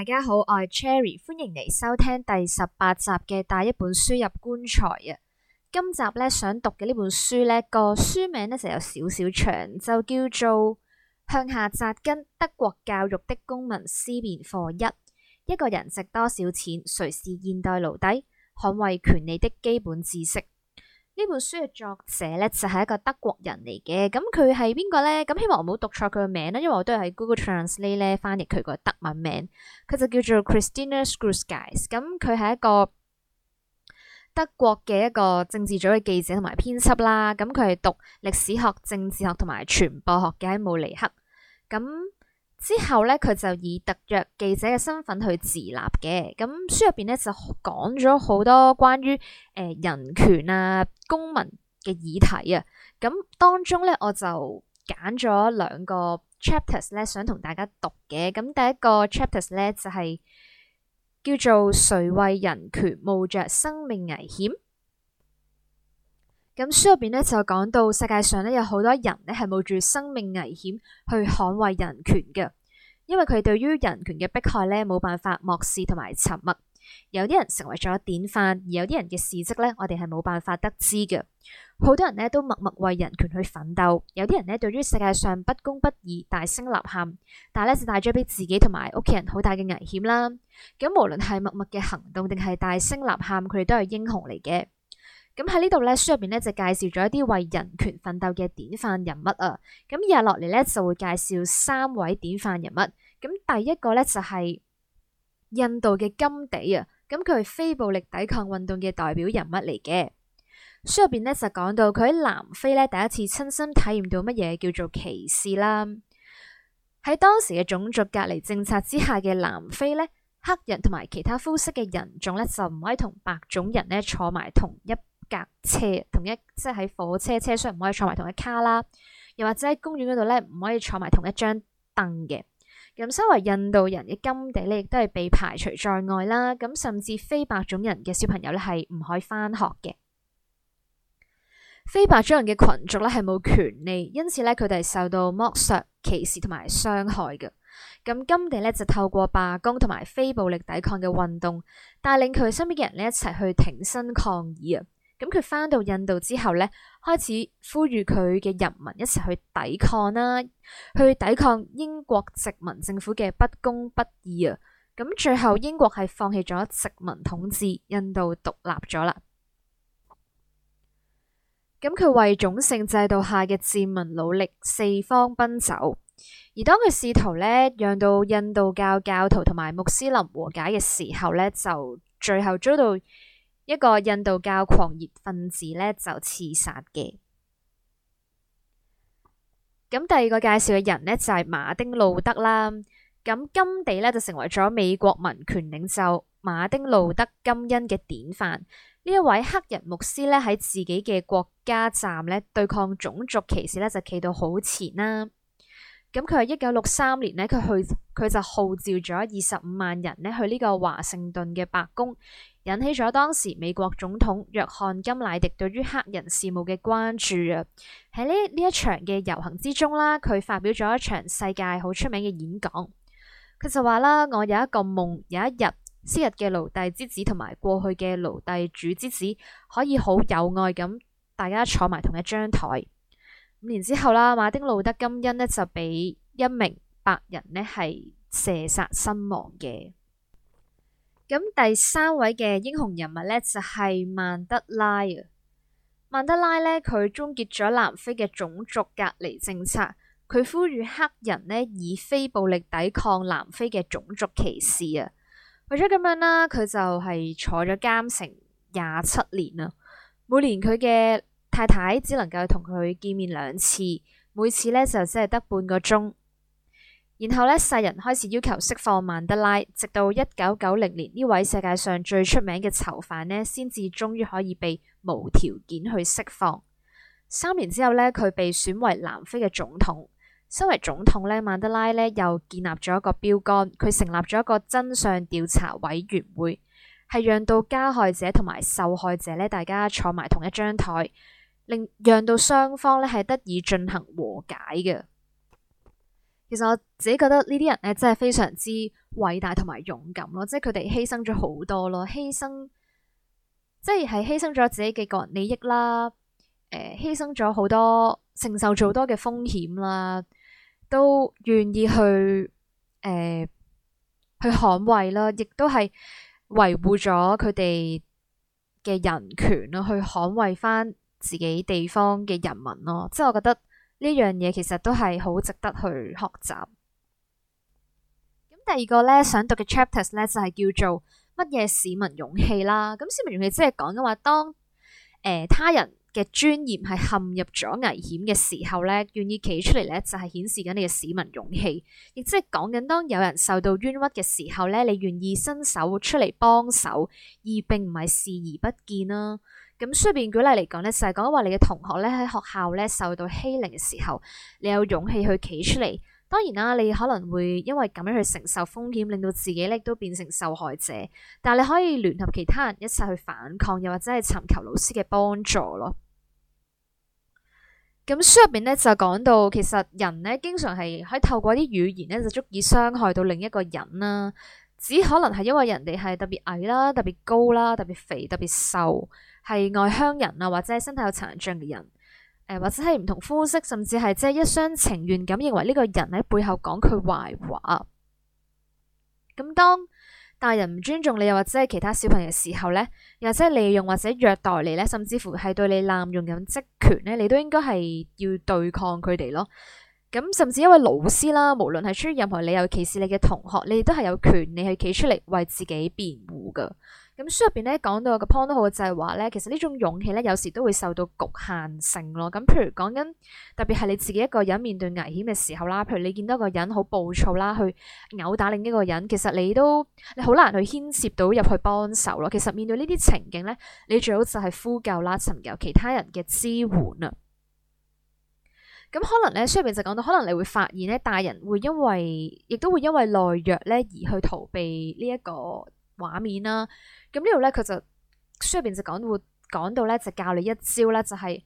大家好，我係 Cherry，歡迎嚟收聽第十八集嘅帶一本書入棺材啊！今集咧想讀嘅呢本書呢個書名咧就有少少長，就叫做向下扎根：德國教育的公民思辨課一。一個人值多少錢？誰是現代奴隸？捍衛權利的基本知識。呢本書嘅作者咧就係一個德國人嚟嘅，咁佢係邊個咧？咁希望我冇讀錯佢嘅名啦，因為我都係喺 Google Translate 咧翻譯佢個德文名，佢就叫做 Christina Schulz-Reiss。咁佢係一個德國嘅一個政治組嘅記者同埋編輯啦。咁佢係讀歷史學、政治學同埋傳播學嘅喺慕尼黑。咁之後咧，佢就以特約記者嘅身份去自立嘅。咁書入邊咧就講咗好多關於誒、呃、人權啊、公民嘅議題啊。咁當中咧，我就揀咗兩個 chapters 咧，想同大家讀嘅。咁第一個 chapters 咧就係、是、叫做誰為人權冒着生命危險？咁書入邊呢，就講到世界上呢，有好多人呢，係冒住生命危險去捍衛人權嘅，因為佢哋對於人權嘅迫害呢，冇辦法漠視同埋沉默。有啲人成為咗典範，而有啲人嘅事跡呢，我哋係冇辦法得知嘅。好多人呢，都默默為人權去奮鬥，有啲人呢，對於世界上不公不義大聲吶喊，但係呢，就帶咗俾自己同埋屋企人好大嘅危險啦。咁無論係默默嘅行動定係大聲吶喊，佢哋都係英雄嚟嘅。咁喺呢度呢，書入邊呢就介紹咗一啲為人權奮鬥嘅典範人物啊！咁日落嚟呢，就會介紹三位典範人物。咁第一個呢，就係印度嘅甘地啊！咁佢係非暴力抵抗運動嘅代表人物嚟嘅。書入邊呢，就講到佢喺南非呢第一次親身體驗到乜嘢叫做歧視啦。喺當時嘅種族隔離政策之下嘅南非呢，黑人同埋其他膚色嘅人種呢，就唔可以同白種人呢坐埋同一。隔車同一，即係喺火車車廂唔可以坐埋同一卡啦，又或者喺公園嗰度呢，唔可以坐埋同一張凳嘅咁，身為印度人嘅甘地呢，亦都係被排除在外啦。咁甚至非白種人嘅小朋友呢係唔可以翻學嘅。非白種人嘅群族，呢係冇權利，因此呢佢哋受到剝削、歧視同埋傷害㗎。咁甘地呢就透過罷工同埋非暴力抵抗嘅運動，帶領佢身邊嘅人呢一齊去挺身抗議啊！咁佢返到印度之後呢，開始呼籲佢嘅人民一齊去抵抗啦，去抵抗英國殖民政府嘅不公不義啊！咁最後英國係放棄咗殖民統治，印度獨立咗啦。咁佢為種姓制度下嘅賤民努力四方奔走，而當佢試圖呢讓到印度教教徒同埋穆斯林和解嘅時候呢，就最後遭到。一個印度教狂熱分子咧就刺殺嘅，咁第二個介紹嘅人呢，就係馬丁路德啦。咁甘地呢，就成為咗美國民權領袖馬丁路德金恩嘅典範。呢一位黑人牧師呢，喺自己嘅國家站呢，對抗種族歧視呢，就企到好前啦。咁佢喺一九六三年呢，佢去佢就號召咗二十五萬人呢，去呢個華盛頓嘅白宮。引起咗當時美國總統約翰甘迺迪對於黑人事務嘅關注啊。喺呢呢一場嘅遊行之中啦，佢發表咗一場世界好出名嘅演講。佢就話啦：我有一個夢，有一日昔日嘅奴隸之子同埋過去嘅奴隸主之子可以好有愛咁，大家坐埋同一張台。五年之後啦，馬丁路德金恩呢就俾一名白人呢係射殺身亡嘅。咁第三位嘅英雄人物咧就係曼德拉啊，曼德拉咧佢終結咗南非嘅種族隔離政策，佢呼籲黑人咧以非暴力抵抗南非嘅種族歧視啊，為咗咁樣啦，佢就係坐咗監成廿七年啊，每年佢嘅太太只能夠同佢見面兩次，每次咧就只係得半個鐘。然後呢，世人開始要求釋放曼德拉，直到一九九零年，呢位世界上最出名嘅囚犯呢，先至終於可以被無條件去釋放。三年之後呢，佢被選為南非嘅總統。身為總統呢，曼德拉呢又建立咗一個標杆，佢成立咗一個真相調查委員會，係讓到加害者同埋受害者呢，大家坐埋同一張台，令讓到雙方呢係得以進行和解嘅。其實我自己覺得呢啲人咧，真係非常之偉大同埋勇敢咯，即係佢哋犧牲咗好多咯，犧牲即係係犧牲咗自己嘅個人利益啦，誒、呃，犧牲咗好多，承受咗好多嘅風險啦，都願意去誒、呃、去捍衛啦，亦都係維護咗佢哋嘅人權啦，去捍衛翻自己地方嘅人民咯，即係我覺得。呢樣嘢其實都係好值得去學習。咁第二個咧想讀嘅 chapters 咧就係叫做乜嘢市民勇氣啦。咁市民勇氣即係講嘅話，當誒、呃、他人。嘅尊嚴係陷入咗危險嘅時候呢，願意企出嚟，呢就係顯示緊你嘅市民勇氣，亦即係講緊當有人受到冤屈嘅時候呢，你願意伸手出嚟幫手，而並唔係視而不見啦、啊。咁書入邊舉例嚟講呢，就係講話你嘅同學呢喺學校呢受到欺凌嘅時候，你有勇氣去企出嚟。當然啦、啊，你可能會因為咁樣去承受風險，令到自己咧都變成受害者。但係你可以聯合其他人一齊去反抗，又或者係尋求老師嘅幫助咯。咁書入邊咧就講到，其實人咧經常係可以透過啲語言咧就足以傷害到另一個人啦、啊。只可能係因為人哋係特別矮啦、特別高啦、特別肥、特別瘦，係外鄉人啊，或者係身體有殘障嘅人。誒，或者係唔同膚色，甚至係即係一廂情願咁認為呢個人喺背後講佢壞話。咁當大人唔尊重你，又或者係其他小朋友嘅時候咧，又或者係利用或者虐待你咧，甚至乎係對你濫用咁職權咧，你都應該係要對抗佢哋咯。咁甚至一位老師啦，無論係出於任何理由歧視你嘅同學，你都係有權利去企出嚟，為自己辯護嘅。咁書入邊咧講到個 point 都好，就係話咧，其實呢種勇氣咧，有時都會受到局限性咯。咁譬如講緊，特別係你自己一個人面對危險嘅時候啦，譬如你見到一個人好暴躁啦，去毆打另一個人，其實你都你好難去牽涉到入去幫手咯。其實面對呢啲情景咧，你最好就係呼救啦，尋求其他人嘅支援啊。咁可能咧，書入邊就講到，可能你會發現咧，大人會因為，亦都會因為懦弱咧而去逃避呢一個畫面啦。咁呢度咧，佢就書入邊就講到，講到咧就教你一招咧，就係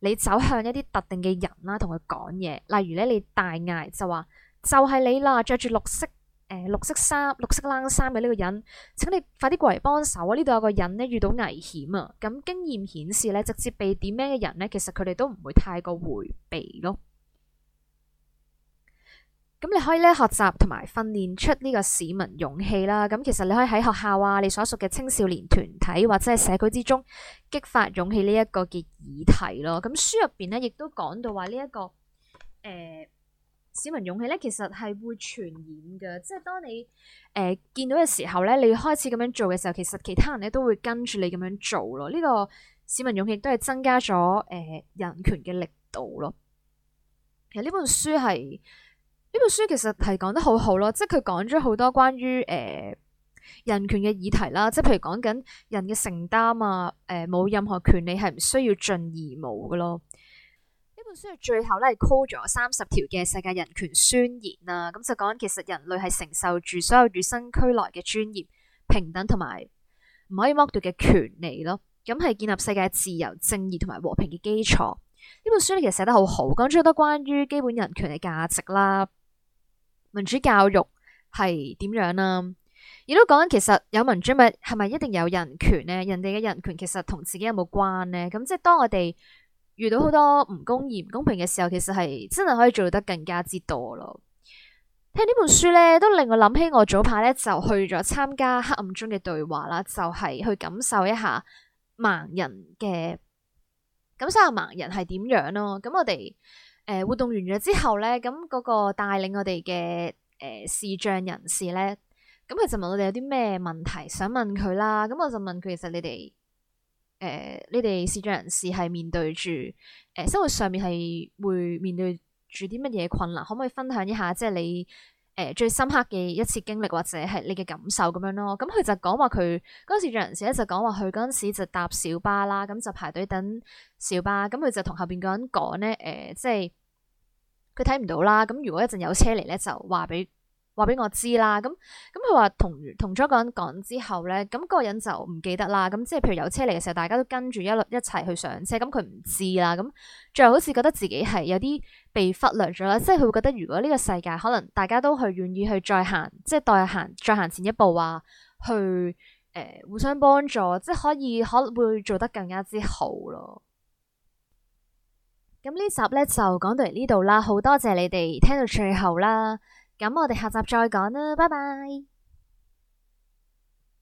你走向一啲特定嘅人啦，同佢講嘢，例如咧你大嗌，就話，就係、是、你啦，着住綠色誒、呃、綠色衫、綠色冷衫嘅呢個人，請你快啲過嚟幫手啊！呢度有個人咧遇到危險啊！咁經驗顯示咧，直接被點名嘅人咧，其實佢哋都唔會太過回避咯。咁你可以咧，學習同埋訓練出呢個市民勇氣啦。咁其實你可以喺學校啊，你所屬嘅青少年團體或者係社區之中激發勇氣呢一個嘅議題咯。咁書入邊咧亦都講到話呢一個誒、呃、市民勇氣咧，其實係會傳染㗎。即係當你誒、呃、見到嘅時候咧，你開始咁樣做嘅時候，其實其他人咧都會跟住你咁樣做咯。呢、這個市民勇氣都係增加咗誒、呃、人權嘅力度咯。其實呢本書係。呢本書其實係講得好好咯，即係佢講咗好多關於誒、呃、人權嘅議題啦，即係譬如講緊人嘅承擔啊，誒、呃、冇任何權利係唔需要盡義務㗎咯。呢本書嘅最後咧係 call 咗三十條嘅世界人權宣言啦，咁就講其實人類係承受住所有與生俱來嘅尊嚴、平等同埋唔可以剝奪嘅權利咯。咁係建立世界自由、正義同埋和平嘅基礎。呢本書其實寫得好好，講咗好多關於基本人權嘅價值啦。民主教育係點樣啦？亦都講緊其實有民主咪係咪一定有人權咧？人哋嘅人權其實同自己有冇關咧？咁即係當我哋遇到好多唔公義、唔公平嘅時候，其實係真係可以做得更加之多咯。聽呢本書咧，都令我諗起我早排咧就去咗參加黑暗中嘅對話啦，就係、是、去感受一下盲人嘅咁，感受下盲人係點樣咯？咁我哋。誒，活動完咗之後咧，咁嗰個帶領我哋嘅誒視障人士咧，咁佢就問我哋有啲咩問題想問佢啦，咁我就問佢，其實你哋誒、呃，你哋視障人士係面對住誒、呃、生活上面係會面對住啲乜嘢困難，可唔可以分享一下？即係你。誒、呃，最深刻嘅一次經歷或者係你嘅感受咁樣咯，咁、嗯、佢就講話佢嗰陣時就，有陣時咧就講話佢嗰陣時就搭小巴啦，咁就排隊等小巴，咁佢就同後邊個人講咧，誒、呃，即係佢睇唔到啦，咁如果一陣有車嚟咧，就話俾。話俾我知啦，咁咁佢話同同咗一個人講之後咧，咁嗰個人就唔記得啦。咁即係譬如有車嚟嘅時候，大家都跟住一一齊去上車，咁佢唔知啦。咁最後好似覺得自己係有啲被忽略咗啦，即係佢會覺得如果呢個世界可能大家都去願意去再行，即係代行再行前一步啊，去誒、呃、互相幫助，即係可以可會做得更加之好咯。咁呢集咧就講到嚟呢度啦，好多謝你哋聽到最後啦。咁我哋下集再講啦，拜拜。